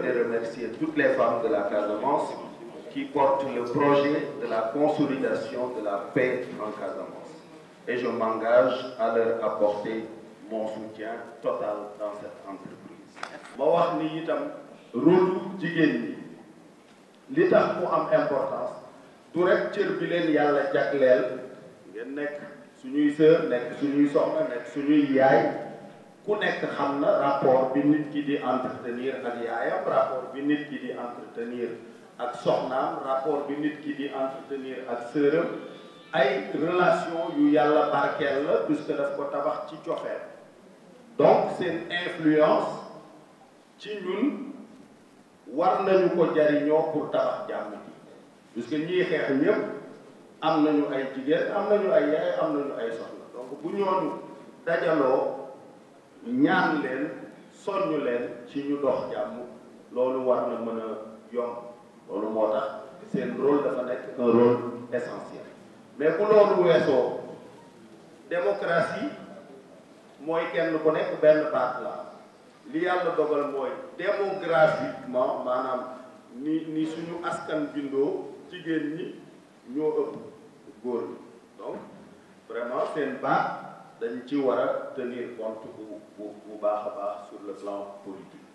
voudrais remercier toutes les femmes de la Casamance qui portent le projet de la consolidation de la paix en Et je m'engage à leur apporter mon soutien total dans cette entreprise. ma wax ni itam rôle jigéen ñi li tax am importance du rek cër bi leen yàlla jagleel ngeen nekk suñuy sœur nekk suñuy soxna nekk suñuy yaay. ku nekk xam na rapport bi nit ki di entretenir ak yaayam rapport bi nit ki di entretenir ak soxnaam rapport bi nit ki di entretenir ak sëram ay relation yu yàlla barkeel la puisque daf ko tabax ci cofeel donc seen influence ci ñun war nañu ko jariñoo pour tabax jàmm ji puisque ñiy xeex ñëpp am nañu ay jigéen am nañu ay yaay am nañu ay soxna donc bu ñoonu dajaloo ñaan leen soññu leen ci ñu dox jàmm loolu war na mën a yomb loolu moo tax seen rôle dafa nekk un rôle essentiel mais bu loolu weesoo démocratie mooy kenn ku nekk benn baat la li yàlla dogal mooy démographiquement maanaam ni ni suñu askan bindoo jigéen ñi ñoo ëpp góor ñi donc vraiment seen baat dañ ci wara a tenir compte bu bu bu baax a baax sur le plan politique